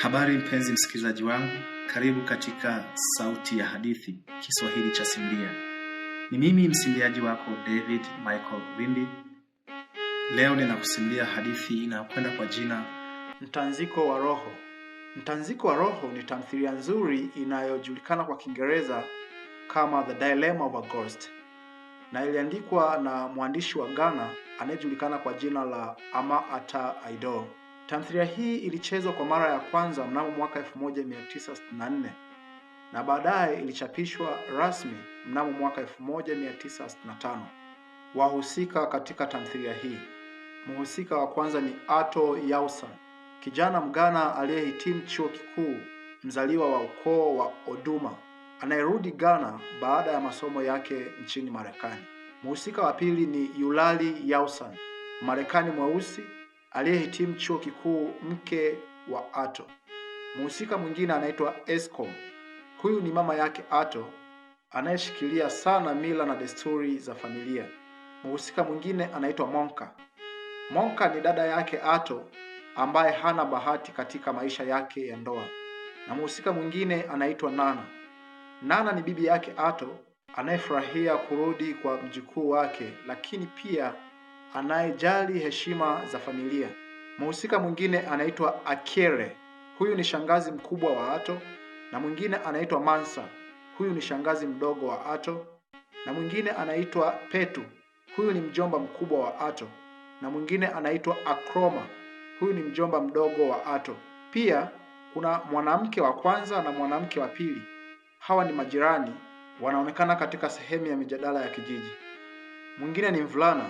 Habari mpenzi msikilizaji wangu, karibu katika Sauti ya Hadithi Kiswahili cha Simbia. Ni mimi msimbiaji wako David Michael Windi. Leo ninakusimbia hadithi inayokwenda kwa jina Mtanziko wa Roho. Mtanziko wa Roho ni tamthilia nzuri inayojulikana kwa Kiingereza kama The Dilemma of a Ghost na iliandikwa na mwandishi wa Ghana anayejulikana kwa jina la Ama Ata Tamthilia hii ilichezwa kwa mara ya kwanza mnamo mwaka 1964 na baadaye ilichapishwa rasmi mnamo mwaka 1965. Wahusika katika tamthilia hii, mhusika wa kwanza ni Ato Yausan, kijana mgana aliyehitimu chuo kikuu, mzaliwa wa ukoo wa Oduma anayerudi Ghana baada ya masomo yake nchini Marekani. Mhusika wa pili ni Yulali Yausan, Marekani mweusi aliyehitimu chuo kikuu mke wa Ato. Mhusika mwingine anaitwa Eskom. Huyu ni mama yake Ato anayeshikilia sana mila na desturi za familia. Mhusika mwingine anaitwa Monka. Monka ni dada yake Ato ambaye hana bahati katika maisha yake ya ndoa. Na mhusika mwingine anaitwa Nana. Nana ni bibi yake Ato anayefurahia kurudi kwa mjukuu wake, lakini pia anayejali heshima za familia. Mhusika mwingine anaitwa Akere, huyu ni shangazi mkubwa wa Ato, na mwingine anaitwa Mansa, huyu ni shangazi mdogo wa Ato, na mwingine anaitwa Petu, huyu ni mjomba mkubwa wa Ato, na mwingine anaitwa Akroma, huyu ni mjomba mdogo wa Ato. Pia kuna mwanamke wa kwanza na mwanamke wa pili. Hawa ni majirani, wanaonekana katika sehemu ya mijadala ya kijiji. Mwingine ni mvulana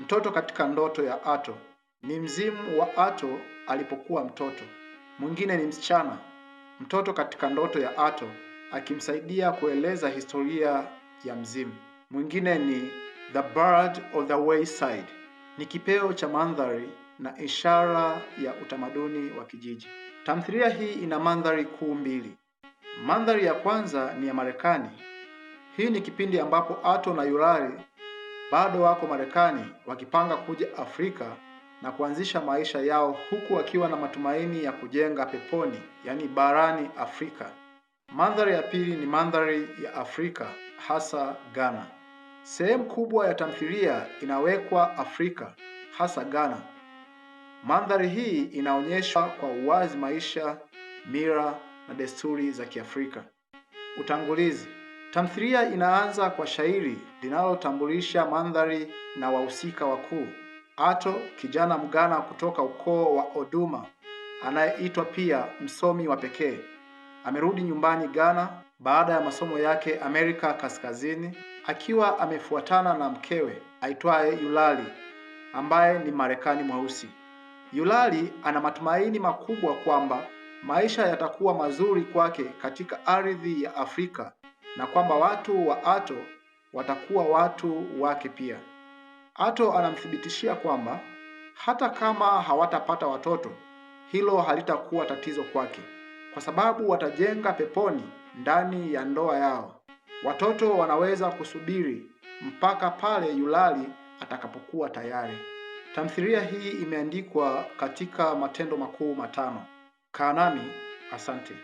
Mtoto katika ndoto ya Ato ni mzimu wa Ato alipokuwa mtoto. Mwingine ni msichana, mtoto katika ndoto ya Ato akimsaidia kueleza historia ya mzimu. Mwingine ni the bird of the wayside, ni kipeo cha mandhari na ishara ya utamaduni wa kijiji. Tamthilia hii ina mandhari kuu mbili. Mandhari ya kwanza ni ya Marekani. Hii ni kipindi ambapo Ato na Yulari bado wako Marekani wakipanga kuja Afrika na kuanzisha maisha yao huku wakiwa na matumaini ya kujenga peponi, yaani barani Afrika. Mandhari ya pili ni mandhari ya Afrika, hasa Ghana. Sehemu kubwa ya tamthilia inawekwa Afrika, hasa Ghana. Mandhari hii inaonyesha kwa uwazi maisha, mira na desturi za Kiafrika. Utangulizi. Tamthilia inaanza kwa shairi linalotambulisha mandhari na wahusika wakuu. Ato, kijana mgana kutoka ukoo wa Oduma anayeitwa pia msomi wa pekee, amerudi nyumbani Ghana baada ya masomo yake Amerika Kaskazini, akiwa amefuatana na mkewe aitwaye Yulali ambaye ni Marekani mweusi. Yulali ana matumaini makubwa kwamba maisha yatakuwa mazuri kwake katika ardhi ya Afrika na kwamba watu wa Ato watakuwa watu wake pia. Ato anamthibitishia kwamba hata kama hawatapata watoto, hilo halitakuwa tatizo kwake, kwa sababu watajenga peponi ndani ya ndoa yao. Watoto wanaweza kusubiri mpaka pale Yulali atakapokuwa tayari. Tamthilia hii imeandikwa katika matendo makuu matano. Kaa nami, asante.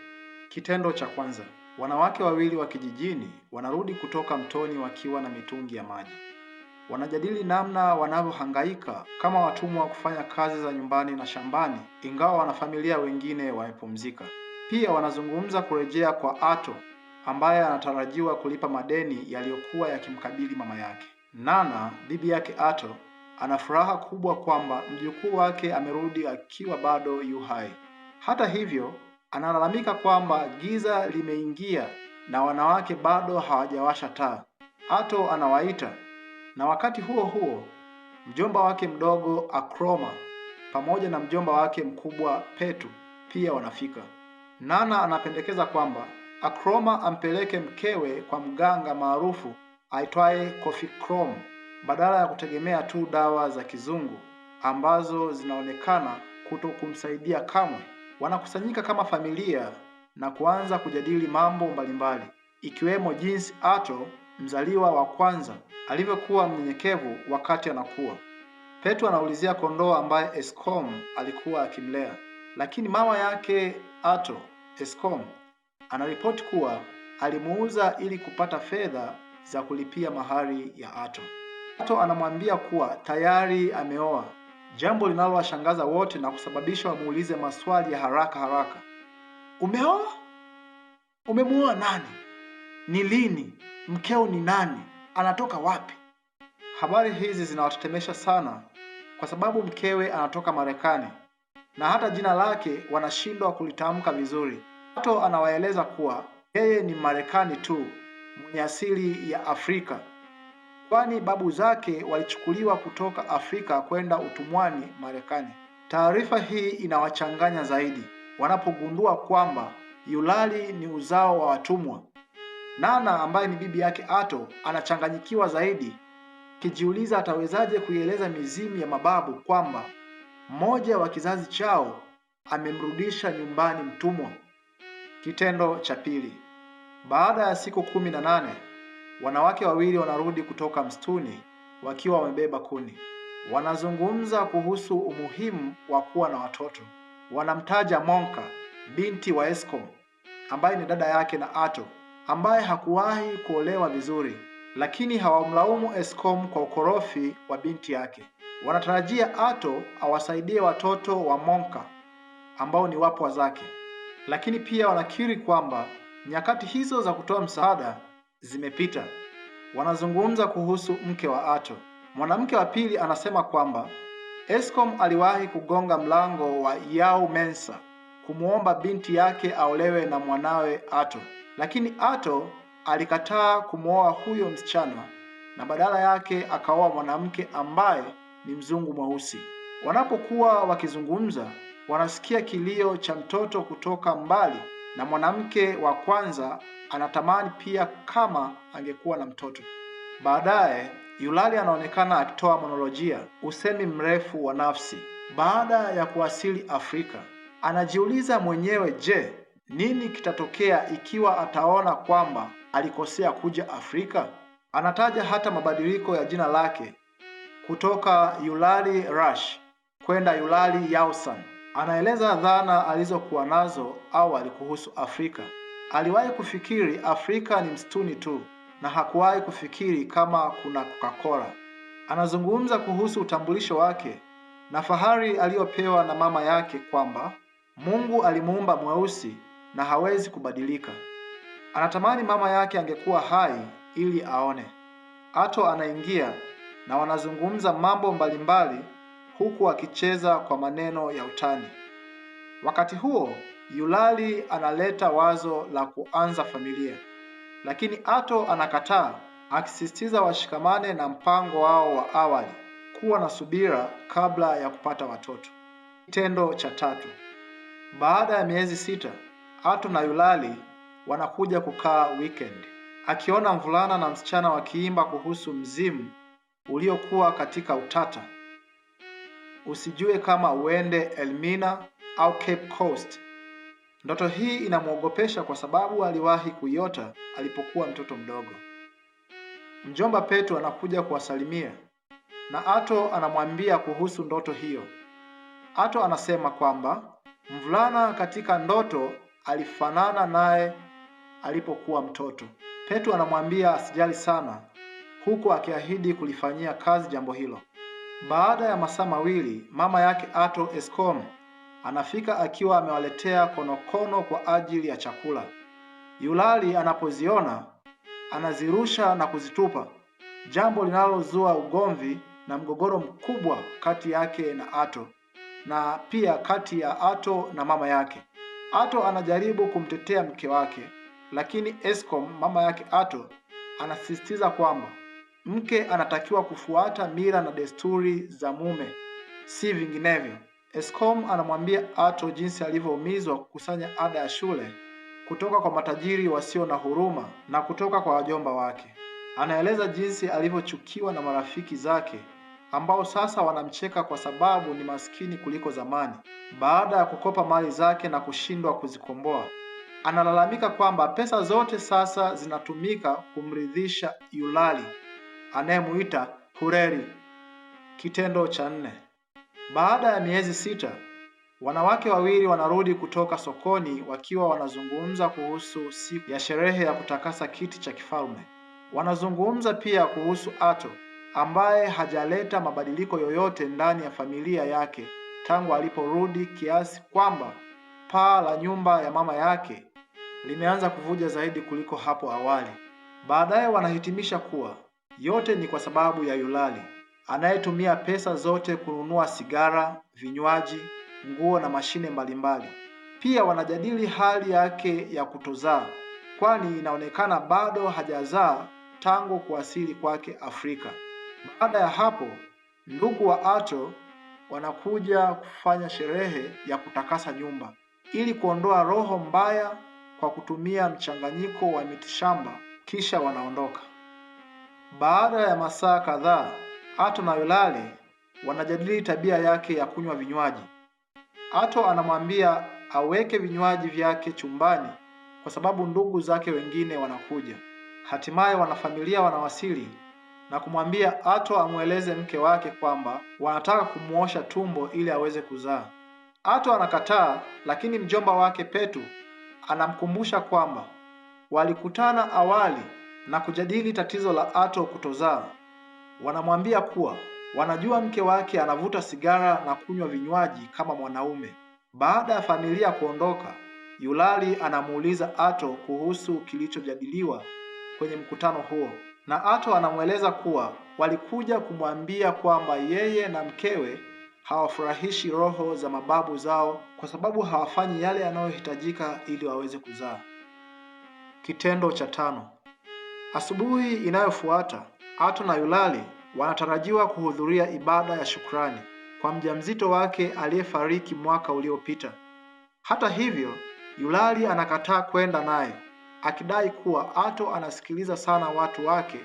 Kitendo cha kwanza Wanawake wawili wa kijijini wanarudi kutoka mtoni wakiwa na mitungi ya maji. Wanajadili namna wanavyohangaika kama watumwa wa kufanya kazi za nyumbani na shambani, ingawa wanafamilia wengine wamepumzika. Pia wanazungumza kurejea kwa Ato ambaye anatarajiwa kulipa madeni yaliyokuwa yakimkabili mama yake. Nana, bibi yake Ato, ana furaha kubwa kwamba mjukuu wake amerudi akiwa bado yu hai. Hata hivyo Analalamika kwamba giza limeingia na wanawake bado hawajawasha taa. Ato anawaita, na wakati huo huo mjomba wake mdogo Akroma pamoja na mjomba wake mkubwa Petu pia wanafika. Nana anapendekeza kwamba Akroma ampeleke mkewe kwa mganga maarufu aitwaye Kofi Krom badala ya kutegemea tu dawa za kizungu ambazo zinaonekana kuto kumsaidia kamwe. Wanakusanyika kama familia na kuanza kujadili mambo mbalimbali ikiwemo jinsi Ato mzaliwa wa kwanza alivyokuwa mnyenyekevu wakati anakuwa. Petro anaulizia kondoo ambaye Eskom alikuwa akimlea, lakini mama yake Ato, Eskom, anaripoti kuwa alimuuza ili kupata fedha za kulipia mahari ya Ato. Ato anamwambia kuwa tayari ameoa jambo linalowashangaza wote na kusababisha wamuulize maswali ya haraka haraka. Umeoa? Umemuoa nani? Ni lini? Mkeo ni nani? Anatoka wapi? Habari hizi zinawatetemesha sana, kwa sababu mkewe anatoka Marekani na hata jina lake wanashindwa kulitamka vizuri. Hato anawaeleza kuwa yeye ni Marekani tu mwenye asili ya Afrika kwani babu zake walichukuliwa kutoka Afrika kwenda utumwani Marekani. Taarifa hii inawachanganya zaidi wanapogundua kwamba Yulali ni uzao wa watumwa. Nana ambaye ni bibi yake Ato anachanganyikiwa zaidi, kijiuliza atawezaje kuieleza mizimu ya mababu kwamba mmoja wa kizazi chao amemrudisha nyumbani mtumwa. Kitendo cha pili, baada ya siku kumi na nane Wanawake wawili wanarudi kutoka msituni wakiwa wamebeba kuni. Wanazungumza kuhusu umuhimu wa kuwa na watoto. Wanamtaja Monka, binti wa Eskom, ambaye ni dada yake na Ato, ambaye hakuwahi kuolewa vizuri, lakini hawamlaumu Eskom kwa ukorofi wa binti yake. Wanatarajia Ato awasaidie watoto wa Monka ambao ni wapwa zake, lakini pia wanakiri kwamba nyakati hizo za kutoa msaada zimepita. Wanazungumza kuhusu mke wa Ato. Mwanamke wa pili anasema kwamba Escom aliwahi kugonga mlango wa Yao Mensa kumwomba binti yake aolewe na mwanawe Ato, lakini Ato alikataa kumwoa huyo msichana na badala yake akaoa mwanamke ambaye ni mzungu mweusi. Wanapokuwa wakizungumza, wanasikia kilio cha mtoto kutoka mbali na mwanamke wa kwanza anatamani pia kama angekuwa na mtoto. Baadaye Yulali anaonekana akitoa monolojia, usemi mrefu wa nafsi. Baada ya kuwasili Afrika, anajiuliza mwenyewe, je, nini kitatokea ikiwa ataona kwamba alikosea kuja Afrika? Anataja hata mabadiliko ya jina lake kutoka Yulali Rush kwenda Yulali yausan Anaeleza dhana alizokuwa nazo awali kuhusu Afrika. Aliwahi kufikiri Afrika ni msituni tu na hakuwahi kufikiri kama kuna Coca-Cola. Anazungumza kuhusu utambulisho wake na fahari aliyopewa na mama yake kwamba Mungu alimuumba mweusi na hawezi kubadilika. Anatamani mama yake angekuwa hai ili aone. Ato anaingia na wanazungumza mambo mbalimbali huku akicheza kwa maneno ya utani. Wakati huo, Yulali analeta wazo la kuanza familia, lakini Ato anakataa akisisitiza washikamane na mpango wao wa awali, kuwa na subira kabla ya kupata watoto. Kitendo cha tatu. Baada ya miezi sita, Ato na Yulali wanakuja kukaa weekend. Akiona mvulana na msichana wakiimba kuhusu mzimu uliokuwa katika utata usijue kama uende Elmina au Cape Coast. Ndoto hii inamwogopesha kwa sababu aliwahi kuiota alipokuwa mtoto mdogo. Mjomba Petu anakuja kuwasalimia na Ato anamwambia kuhusu ndoto hiyo. Ato anasema kwamba mvulana katika ndoto alifanana naye alipokuwa mtoto. Petu anamwambia asijali sana, huku akiahidi kulifanyia kazi jambo hilo. Baada ya masaa mawili, mama yake Ato Escom anafika akiwa amewaletea konokono kwa ajili ya chakula. Yulali anapoziona anazirusha na kuzitupa, jambo linalozua ugomvi na mgogoro mkubwa kati yake na Ato na pia kati ya Ato na mama yake. Ato anajaribu kumtetea mke wake, lakini Escom mama yake Ato anasisitiza kwamba Mke anatakiwa kufuata mila na desturi za mume, si vinginevyo. Escom anamwambia Ato jinsi alivyoumizwa kukusanya ada ya shule kutoka kwa matajiri wasio na huruma na kutoka kwa wajomba wake. Anaeleza jinsi alivyochukiwa na marafiki zake ambao sasa wanamcheka kwa sababu ni maskini kuliko zamani, baada ya kukopa mali zake na kushindwa kuzikomboa. Analalamika kwamba pesa zote sasa zinatumika kumridhisha Yulali anayemuita Hureri. Kitendo cha nne. Baada ya miezi sita, wanawake wawili wanarudi kutoka sokoni wakiwa wanazungumza kuhusu siku ya sherehe ya kutakasa kiti cha kifalme. Wanazungumza pia kuhusu Ato ambaye hajaleta mabadiliko yoyote ndani ya familia yake tangu aliporudi kiasi kwamba paa la nyumba ya mama yake limeanza kuvuja zaidi kuliko hapo awali. Baadaye wanahitimisha kuwa yote ni kwa sababu ya Yulali anayetumia pesa zote kununua sigara, vinywaji, nguo na mashine mbalimbali. Pia wanajadili hali yake ya kutozaa, kwani inaonekana bado hajazaa tangu kuwasili kwake Afrika. Baada ya hapo, ndugu wa Ato wanakuja kufanya sherehe ya kutakasa nyumba ili kuondoa roho mbaya kwa kutumia mchanganyiko wa mitishamba, kisha wanaondoka. Baada ya masaa kadhaa, Ato na Yulale wanajadili tabia yake ya kunywa vinywaji. Ato anamwambia aweke vinywaji vyake chumbani kwa sababu ndugu zake wengine wanakuja. Hatimaye wanafamilia wanawasili na kumwambia Ato amweleze mke wake kwamba wanataka kumuosha tumbo ili aweze kuzaa. Ato anakataa, lakini mjomba wake Petu anamkumbusha kwamba walikutana awali na kujadili tatizo la Ato kutozaa. Wanamwambia kuwa wanajua mke wake anavuta sigara na kunywa vinywaji kama mwanaume. Baada ya familia kuondoka, Yulali anamuuliza Ato kuhusu kilichojadiliwa kwenye mkutano huo, na Ato anamweleza kuwa walikuja kumwambia kwamba yeye na mkewe hawafurahishi roho za mababu zao kwa sababu hawafanyi yale yanayohitajika ili waweze kuzaa. Kitendo cha tano. Asubuhi inayofuata Ato na Yulali wanatarajiwa kuhudhuria ibada ya shukrani kwa mjamzito wake aliyefariki mwaka uliopita. Hata hivyo, Yulali anakataa kwenda naye, akidai kuwa Ato anasikiliza sana watu wake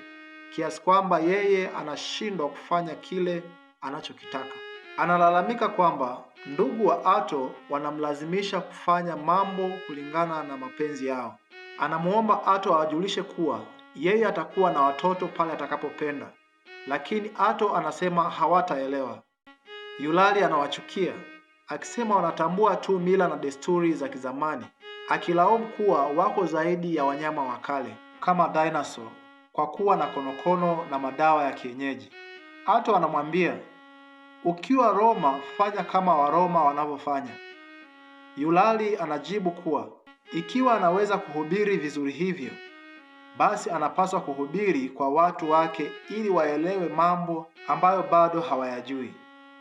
kiasi kwamba yeye anashindwa kufanya kile anachokitaka. Analalamika kwamba ndugu wa Ato wanamlazimisha kufanya mambo kulingana na mapenzi yao. Anamuomba Ato awajulishe kuwa yeye atakuwa na watoto pale atakapopenda, lakini Ato anasema hawataelewa. Yulali anawachukia akisema wanatambua tu mila na desturi za kizamani, akilaumu kuwa wako zaidi ya wanyama wa kale kama dinosaur kwa kuwa na konokono na madawa ya kienyeji. Ato anamwambia ukiwa Roma fanya kama Waroma wanavyofanya. Yulali anajibu kuwa ikiwa anaweza kuhubiri vizuri hivyo basi anapaswa kuhubiri kwa watu wake ili waelewe mambo ambayo bado hawayajui.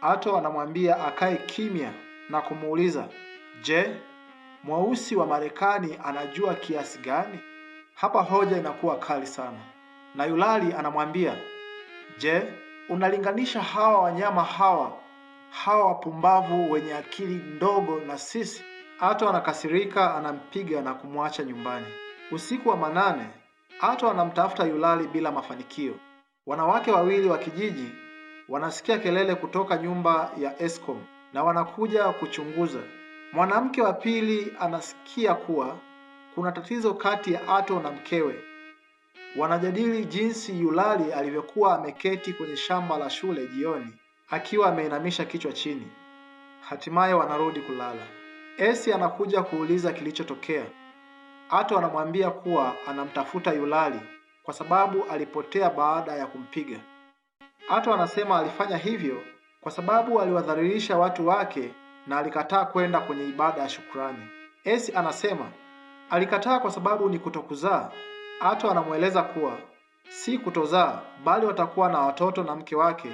Ato anamwambia akae kimya na kumuuliza, je, mweusi wa Marekani anajua kiasi gani? Hapa hoja inakuwa kali sana, na Yulali anamwambia, je, unalinganisha hawa wanyama hawa hawa wapumbavu wenye akili ndogo na sisi? Ato anakasirika, anampiga na kumwacha nyumbani. Usiku wa manane hata wanamtafuta Yulali bila mafanikio. Wanawake wawili wa kijiji wanasikia kelele kutoka nyumba ya Escom na wanakuja kuchunguza. Mwanamke wa pili anasikia kuwa kuna tatizo kati ya Ato na mkewe. Wanajadili jinsi Yulali alivyokuwa ameketi kwenye shamba la shule jioni akiwa ameinamisha kichwa chini. Hatimaye wanarudi kulala. Esi anakuja kuuliza kilichotokea. Hata wanamwambia kuwa anamtafuta Yulali kwa sababu alipotea baada ya kumpiga. Hata wanasema alifanya hivyo kwa sababu aliwadhalilisha watu wake na alikataa kwenda kwenye ibada ya shukrani. Esi anasema alikataa kwa sababu ni kutokuzaa. Hata anamweleza kuwa si kutozaa bali watakuwa na watoto na mke wake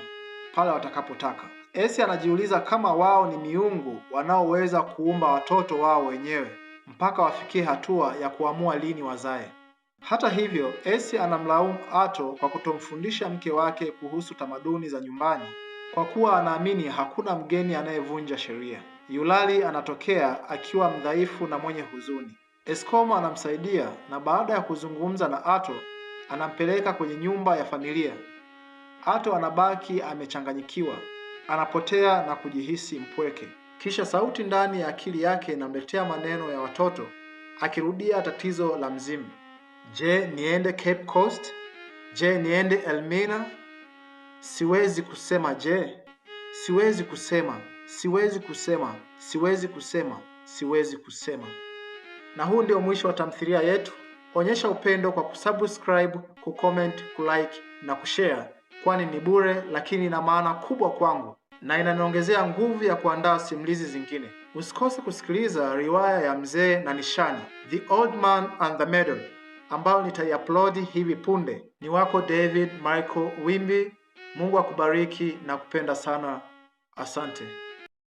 pale watakapotaka. Esi anajiuliza kama wao ni miungu wanaoweza kuumba watoto wao wenyewe mpaka wafikie hatua ya kuamua lini wazae. Hata hivyo, Esi anamlaumu Ato kwa kutomfundisha mke wake kuhusu tamaduni za nyumbani kwa kuwa anaamini hakuna mgeni anayevunja sheria. Yulali anatokea akiwa mdhaifu na mwenye huzuni. Eskoma anamsaidia na baada ya kuzungumza na Ato anampeleka kwenye nyumba ya familia. Ato anabaki amechanganyikiwa, anapotea na kujihisi mpweke. Kisha sauti ndani ya akili yake inamletea maneno ya watoto akirudia tatizo la mzimu. Je, niende Cape Coast? Je, niende Elmina? Siwezi kusema je. Siwezi kusema, siwezi kusema, siwezi kusema, siwezi kusema. Na huu ndio mwisho wa tamthilia yetu. Onyesha upendo kwa kusubscribe, kucomment, kulike na kushare, kwani ni bure lakini ina maana kubwa kwangu na inaniongezea nguvu ya kuandaa simulizi zingine. Usikose kusikiliza riwaya ya Mzee na Nishani, The Old Man and the Medal ambayo nitaiupload hivi punde. Ni wako David Michael Wimbi. Mungu akubariki na kupenda sana. Asante.